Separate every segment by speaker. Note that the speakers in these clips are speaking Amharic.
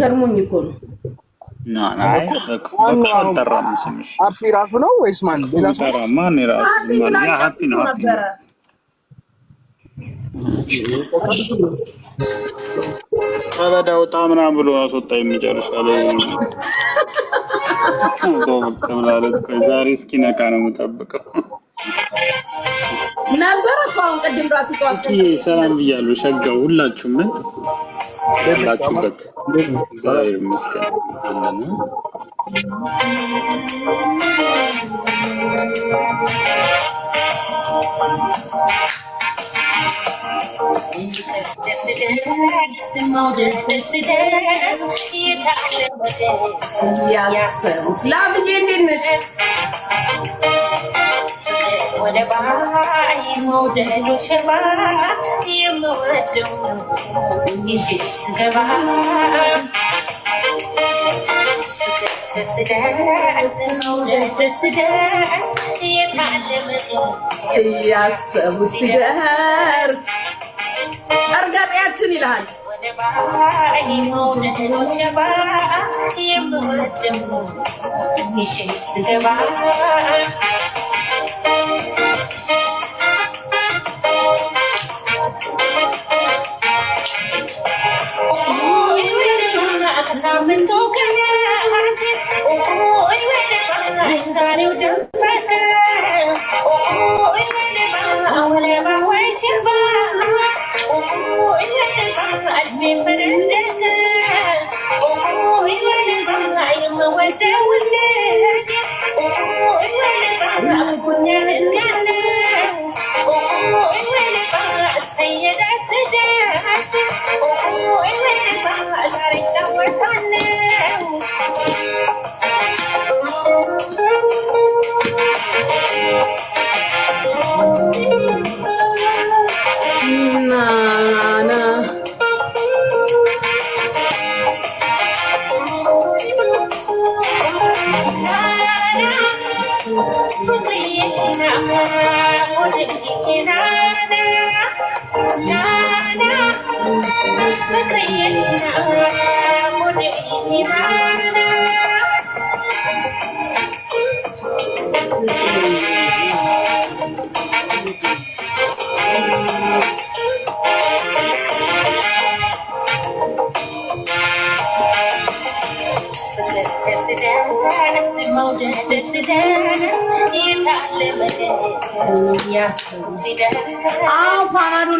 Speaker 1: ገርሞኝ እኮ ነው።
Speaker 2: ሀፒ ራሱ ነው ወይስ ማን
Speaker 3: ነበረ? ከበዳ ወጣ ምናምን ብሎ አስወጣ። የሚጨርሻ ላይ ዛሬ እስኪነቃ ነው የምጠብቀው። ነበረ ሰላም ብያለሁ። ሸጋው ሁላችሁም Selçuk'daki Zahir Misken anlamı.
Speaker 1: Yasın kulağı yenilmez. Whatever you know, that you should buy. የምወደው ይዤ ስገባ ደስ ደስ መውደድ ደስ ደስ የታደመ እያሰቡ ሲደርስ እርጋጤያችን ይልሃል ሸባ የምወደው ይዤ ስገባ Oh, oh, oh.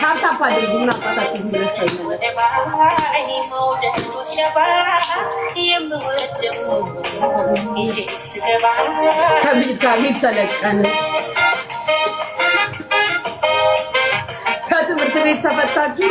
Speaker 1: ታርታፍ አድርጉ። ምን አባታችሁ ከቤት ተለቀን ከትምህርት ቤት ተፈታችሁ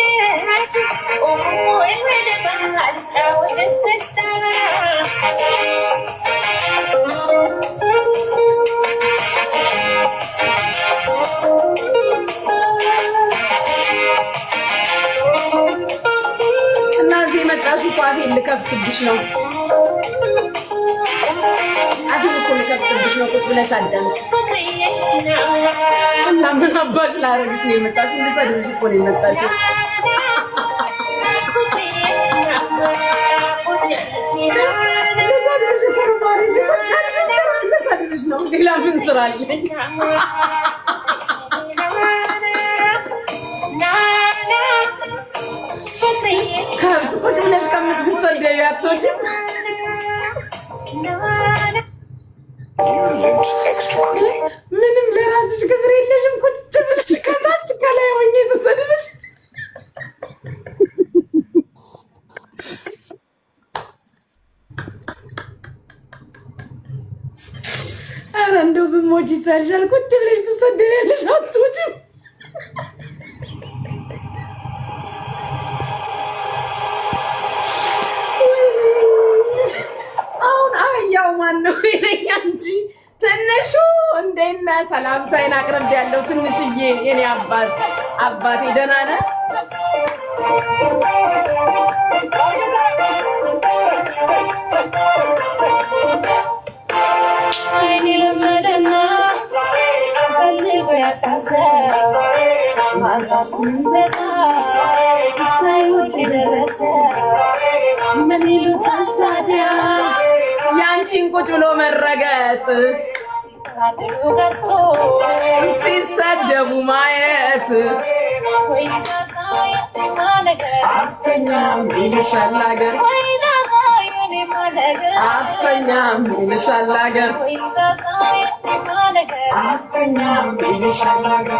Speaker 1: እና እዚህ የመጣሱ ቋፌ ልከፍትብሽ ነው። አትልኮ ነው። ቁጭ ብለሽ አዳምጪ እና ምን አባሽ ላረግሽ ነው የመጣሽው? ልሰድብሽ እኮ ነው የመጣሽው። ሌላ ምን ስራ አለኝ? ከብት ቁጭ ብለሽ ከምትሰደዩ አትወጪም። ምንም ለራስሽ ክብር የለሽም። ኧረ እንደው ብሞች ይሳልሻል። ቁጭ ብለሽ ትሰደቢያለሽ። አትወጪም አሁን አህያው ማን ነው ይለኛ እንጂ ትንሹ እንደና ሰላምታይን አቅርብ ያለው ትንሽዬ የኔ አባት አባቴ ደህና ነህ? ምን ይሉታል ታዲያ ያንቺን ቁጭ ብሎ መረገጥ ሲሰደቡ ማየት አተኛም ይልሻል አተኛም ይልሻል አገር አተኛም ይልሻል አገር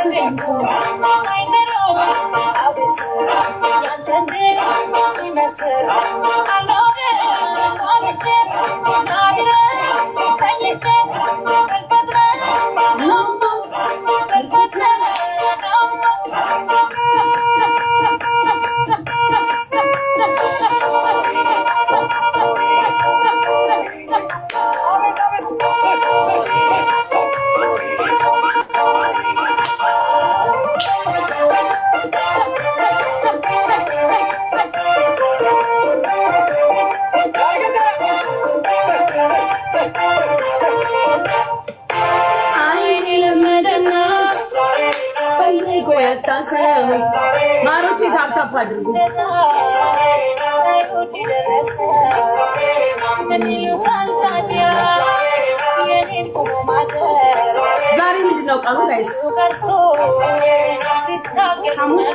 Speaker 1: I'm ነው ቀኑ ጋይስ ሐሙስ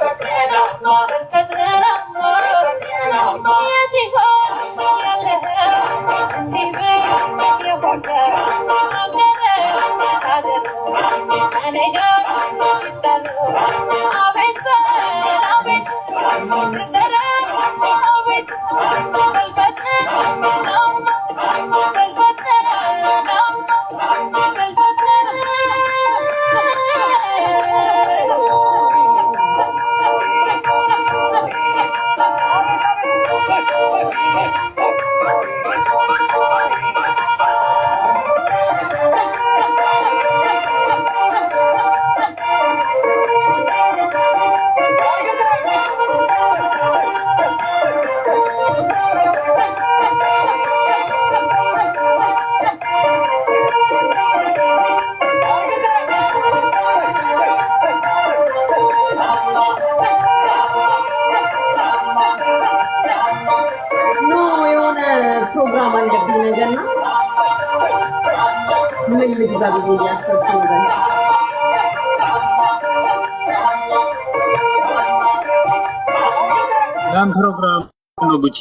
Speaker 3: ምን ፕሮግራም ነው? ጉቺ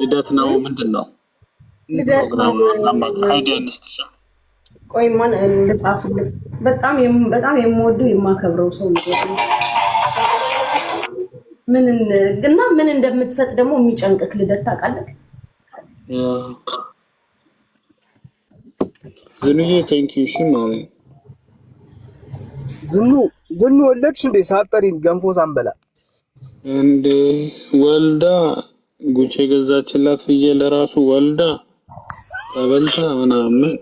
Speaker 3: ልደት ነው ምንድን ነው?
Speaker 1: ቆይ ማን ልጻፍልህ? በጣም በጣም የምወደው የማከብረው ሰው ምን እና ምን እንደምትሰጥ ደግሞ የሚጨንቅክ ልደት ታውቃለህ።
Speaker 3: ዝኑዬ ቴንኪው እሺ ማሚ
Speaker 2: ዝኑ ዝኑ ወለድሽ እንዴ ሳጠሪን ገንፎ ሳንበላ
Speaker 3: እንዴ ወልዳ ጉቼ ገዛችላት ፍየል ለራሱ ወልዳ ተበልታ ምናምን።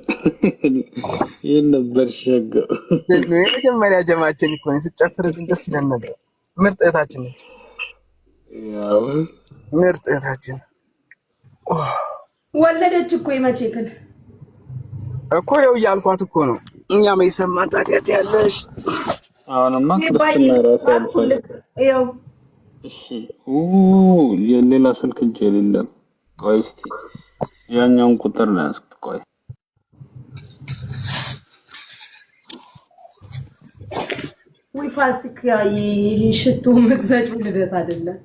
Speaker 3: ይህን ነበር ሸገው
Speaker 2: የመጀመሪያ ጀማችን እኮ ስጨፍር ደስ ይለን ነበር። ምርጥ እህታችን ነች። ያው ምርጥ እህታችን
Speaker 1: ወለደች እኮ የመቼክን
Speaker 2: እኮ ያው እያልኳት እኮ ነው። እኛ መይሰማ ታዲያ ያለሽ
Speaker 3: አሁንማ ክርስትና ራሱ ያልፋል። እሺ የሌላ ስልክ እጅ የሌለም። ቆይ እስቲ ያኛውን ቁጥር ቆይ
Speaker 1: ወይ ፋሲካ መግዛጭ ልደት አይደለም።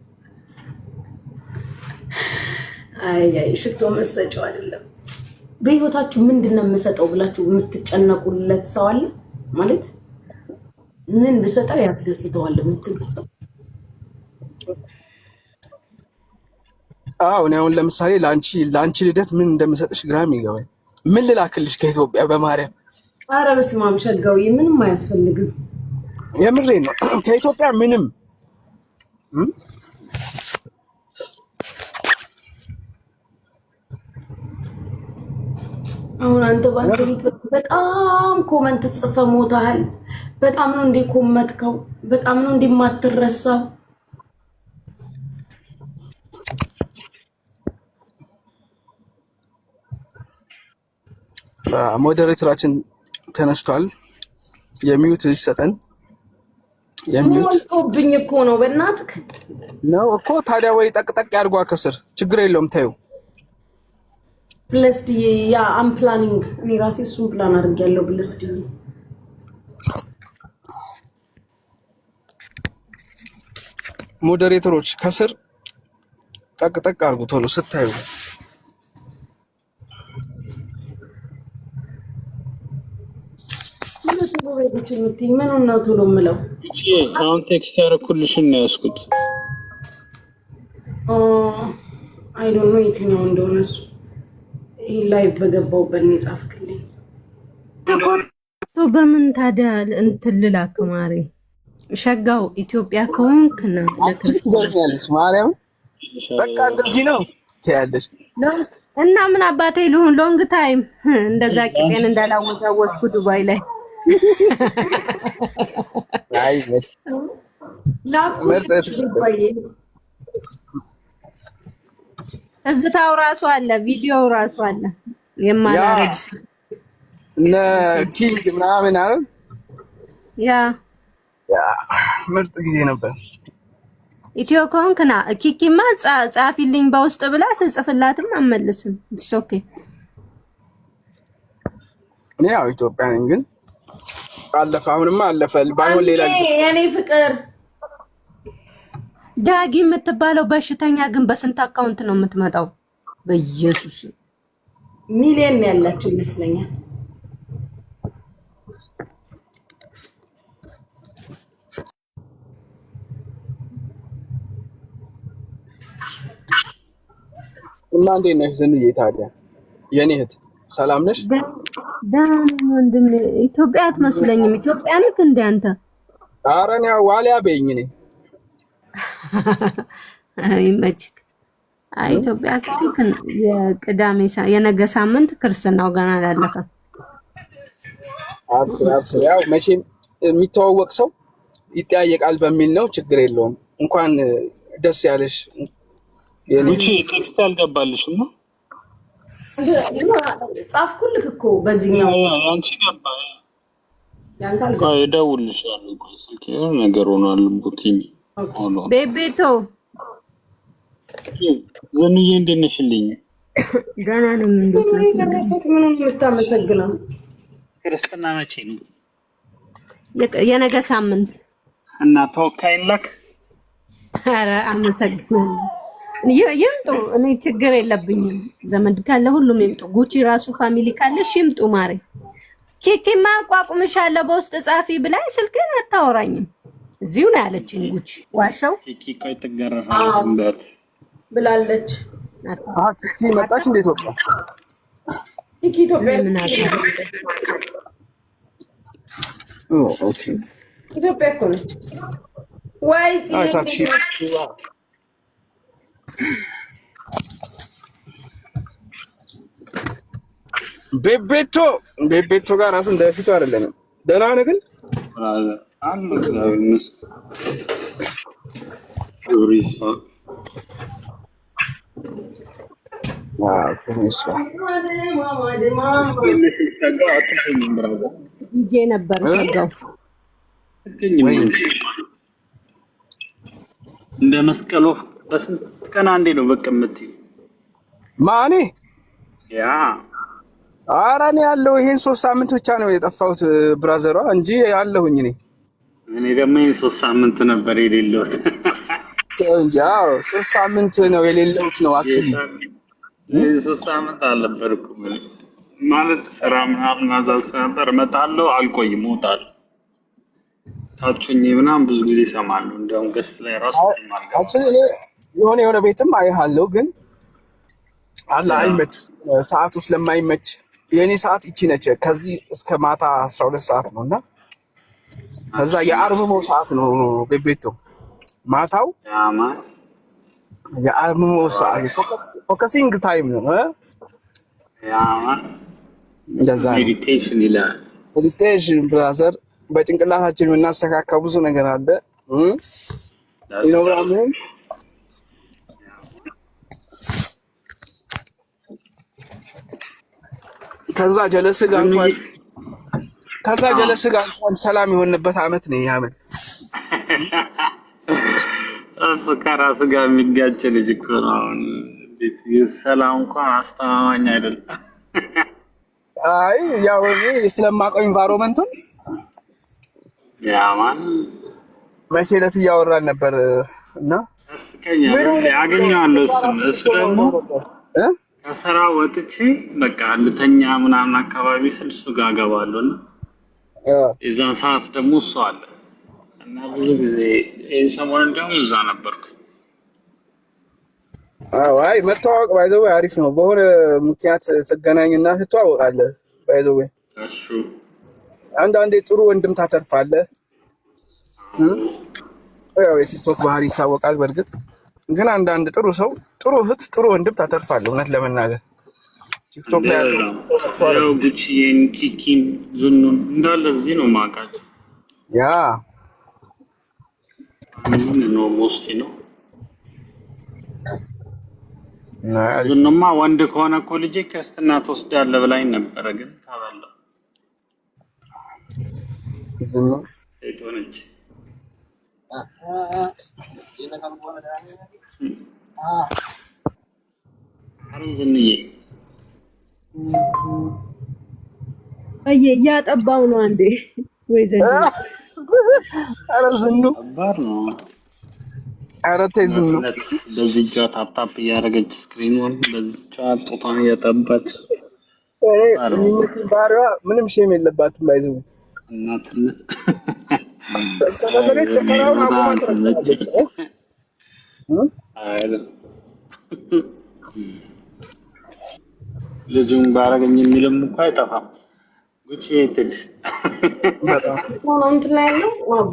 Speaker 1: አይ ሽቶ መሰጫው አይደለም። በህይወታችሁ ምንድን ነው የምሰጠው ብላችሁ የምትጨነቁለት ሰው አለ ማለት ምን ብሰጠው ያስደስተዋል የምትል ሰው
Speaker 2: አዎ እኔ አሁን ለምሳሌ ለአንቺ ለአንቺ ልደት ምን እንደምሰጥሽ ግራም ይገባል። ምን ልላክልሽ ከኢትዮጵያ በማርያም
Speaker 1: አረ በስመ አብ ሸጋው ምንም አያስፈልግም።
Speaker 2: የምሬ ነው። ከኢትዮጵያ ምንም
Speaker 1: አሁን አንተ ባንተ ቤት በጣም ኮመንት ጽፈ ሞታሃል። በጣም ነው እንዴ ኮመትከው። በጣም ነው እንዴ ማትረሳው
Speaker 2: ሞዴሬተራችን ተነስቷል። የሚዩት ልጅ ሰጠን
Speaker 1: የሚዩትብኝ እኮ ነው። በእናትህ
Speaker 2: ነው እኮ ታዲያ። ወይ ጠቅጠቅ ያድርጓ ከስር ችግር የለውም ታዩ
Speaker 1: ብለስድ ያ አም ፕላኒንግ እኔ ራሴ እሱን ፕላን አድርጌያለሁ። ብለስድ
Speaker 2: ሞዴሬተሮች ከስር ጠቅጠቅ አድርጉ ቶሎ ስታዩ
Speaker 1: ምኑን ነው ቶሎ የምለው?
Speaker 3: አሁን ቴክስት ያደረኩልሽን ነው ያዝኩት።
Speaker 1: አይ ዶንት ኖ የትኛው እንደሆነ እሱ ይህ ላይቭ በገባሁበት ነው የጻፍክልኝ። ተቆርጦ በምን ታዲያ እንትን ልላክ ማሪ ሸጋው ኢትዮጵያ ከሆንክ እና
Speaker 2: ለክርስቶስ ማርያም በቃ እንደዚህ ነው ትያለሽ።
Speaker 1: እና ምን አባቴ ልሁን ሎንግ ታይም እንደዛ ቂጤን እንዳላወዛወዝኩ ዱባይ ላይ እዝታው ራሱ አለ፣ ቪዲዮው ራሱ አለ። የማናረጅ
Speaker 2: እነ ኪንግ ምናምን አለ። ያ ያ ምርጥ ጊዜ ነበር።
Speaker 1: ኢትዮ ኪኪማ ጻፊልኝ በውስጥ ብላ ስጽፍላትም አመልስም። ኦኬ።
Speaker 2: እኔ ያው ኢትዮጵያ ነኝ ግን አለፈ። አሁንማ አለፈ።
Speaker 1: ባይሆን ሌላ የኔ ፍቅር ዳጊ የምትባለው በሽተኛ ግን በስንት አካውንት ነው የምትመጣው? በኢየሱስ ሚሊየን ነው ያላችሁ ይመስለኛል።
Speaker 2: እና እንዴት ነሽ ዝኑዬ? ታዲያ የኔ እህት ሰላም ነሽ?
Speaker 1: ደህና ነኝ ወንድሜ። ኢትዮጵያ አትመስለኝም። ኢትዮጵያ ነክ እንዳንተ።
Speaker 2: ኧረ እኔ ዋሊያ በይኝ ነኝ።
Speaker 1: አይ ኢትዮጵያ ካልክ የቅዳሜ ሳ የነገ ሳምንት ክርስትናው ገና አላለፈም።
Speaker 2: ያው መቼም የሚተዋወቅ ሰው ይጠያየቃል በሚል ነው። ችግር የለውም። እንኳን ደስ ያለሽ።
Speaker 3: ይቺ ቴክስት አልገባልሽም ነው
Speaker 1: ጻፍኩልክ እኮ በዚህኛው
Speaker 3: እደውልልሻለሁ። ነገር ሆኗል። ቡቲኒ ቤቤቶ ዘንዬ እንደት ነሽልኝ?
Speaker 1: ገና ነው የምታመሰግነው
Speaker 3: ክርስትና መቼ ነው?
Speaker 1: የነገ ሳምንት
Speaker 3: እና ተወካይ ላክ።
Speaker 1: አመሰግናለሁ። ይምጡ። እኔ ችግር የለብኝም። ዘመድ ካለ ሁሉም ይምጡ። ጉቺ ራሱ ፋሚሊ ካለሽ ይምጡ። ማሬ ኬኬማ አቋቁምሻለሁ በውስጥ ጻፊ ብላኝ ስልክን አታወራኝም። እዚሁ ነው ያለችኝ። ጉቺ ዋሻው ብላለች።
Speaker 2: ኪኪ መጣች እንደ ኢትዮጵያ
Speaker 1: ኪኪ ኢትዮጵያ ኢትዮጵያ እኮ ነች ወይ
Speaker 2: ቤቤቶ ቤቤቶ ጋር ራሱ እንደ ፊቱ ደህና ነህ ግን
Speaker 1: ዲጄ ነበር ሸጋው
Speaker 3: እንደ መስቀል ወፍ በስንት ቀን አንዴ ነው ብቅ የምትይው። ማኔ ያ
Speaker 2: ኧረ እኔ ያለው ይሄን ሶስት ሳምንት ብቻ ነው የጠፋሁት ብራዘሯ እንጂ ያለሁኝ እኔ
Speaker 3: እኔ ደግሞ ይሄን ሶስት ሳምንት ነበር የሌለሁት
Speaker 2: እንጂ። አዎ ሶስት ሳምንት ነው የሌለሁት ነው አክቹሊ
Speaker 3: ሶስት ሳምንት አልነበርኩም ማለት ስራ ምናምን እዛ ነበር። እመጣለሁ፣ አልቆይም፣ እወጣለሁ ታችሁኝ ምናምን ብዙ ጊዜ እሰማለሁ። እንደውም ገስት ላይ ራሱ
Speaker 2: የሆነ የሆነ ቤትም አይሃለው ግን አለ አይመች ሰዓቱ ስለማይመች የእኔ ሰዓት ይቺ ነች። ከዚህ እስከ ማታ አስራ ሁለት ሰዓት ነው እና ከዛ የአርምሞ ሰዓት ነው ቤቤቶ ማታው የአርምሞ ሰዓት ፎከሲንግ ታይም ነው። እንደዛ ሜዲቴሽን ብራዘር፣ በጭንቅላታችን የምናስተካካ ብዙ ነገር አለ ነው ከዛ ጀለስ ጋር እንኳን ከዛ ጀለስ ጋር እንኳን ሰላም የሆንበት አመት ነው ያመት።
Speaker 3: እሱ ከራሱ ጋር የሚጋጭ ልጅ እኮ ነው። እንዴት ሰላም እንኳን አስተማማኝ አይደለም።
Speaker 2: አይ ያው እኔ ስለማውቀው ኢንቫይሮመንቱን ያማን መቼ ዕለት እያወራን ነበር እና
Speaker 3: አገኘዋለሁ እሱ ደግሞ ከስራ ወጥቼ በቃ ልተኛ ምናምን አካባቢ ስል እሱ ጋር እገባለሁ እና የዛን ሰዓት ደግሞ እሱ አለ እና ብዙ ጊዜ ይህን ሰሞን እንዲሁም እዛ ነበርኩ።
Speaker 2: አይ መተዋወቅ ባይዘዌ አሪፍ ነው። በሆነ ምክንያት ስገናኝና ትተዋወቃለህ። ባይዘዌ አንዳንዴ ጥሩ ወንድም ታተርፋለህ። ያው የቲክቶክ ባህሪ ይታወቃል በእርግጥ ግን አንዳንድ ጥሩ ሰው፣ ጥሩ እህት፣ ጥሩ ወንድም ታተርፋለህ። እውነት ለመናገር
Speaker 3: ቲክቶክ ላይ ጉቺን፣ ኪኪን፣ ዝኑን እንዳለ እዚህ ነው የማውቃቸው። ያ ነው ሞስቲ ነው ዝኑማ ወንድ ከሆነ እኮ ልጄ ክርስትና ትወስዳለህ ብላኝ ነበረ፣ ግን ታባለው ዝኑ ሆነች
Speaker 1: እያጠባው ነው አንዴ ወይ ዘንድ
Speaker 2: ኧረ ዝኑ ከባድ ነው። ኧረ ተይ ዝኑ
Speaker 3: በዚህ እጇ ታፕታፕ እያደረገች ስክሪኑን በዚህ እጇ ጡቷን እያጠባች
Speaker 2: ባህሪዋ ምንም ሼም የለባትም። ባይዘው
Speaker 3: እናትነት በተለይ ጭፈራውን ልጁን ባረገኝ የሚልም እኮ አይጠፋም። ጉቺ ትልሽ
Speaker 1: አሁን ገና ነው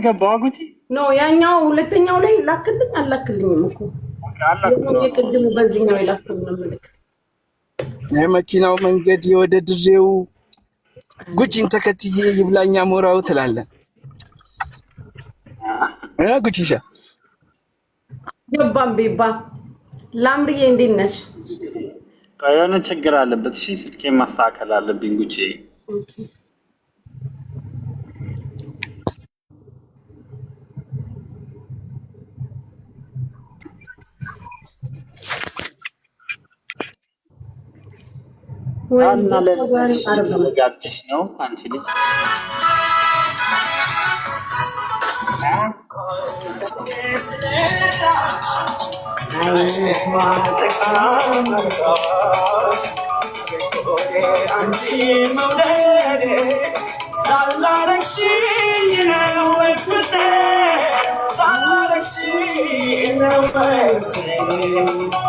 Speaker 1: የገባው። ጉቺ ኖ ያኛው ሁለተኛው ላይ ላክልኝ አላክልኝም እኮ የቅድሙ በዚህኛው የላክልኝ ምልክ
Speaker 2: የመኪናው መንገድ የወደ ድሬው ጉቺን ተከትዬ ይብላኛ ሞራው ትላለ። ጉቺሻ
Speaker 1: ገባም ቤባ ላምርዬ እንዴት ነች?
Speaker 3: የሆነ ችግር አለበት። እሺ ስልኬን ማስተካከል አለብኝ ጉቺ እና ለልጆች የተዘጋጀች ነው አንቺ ልጅ
Speaker 1: Thank you.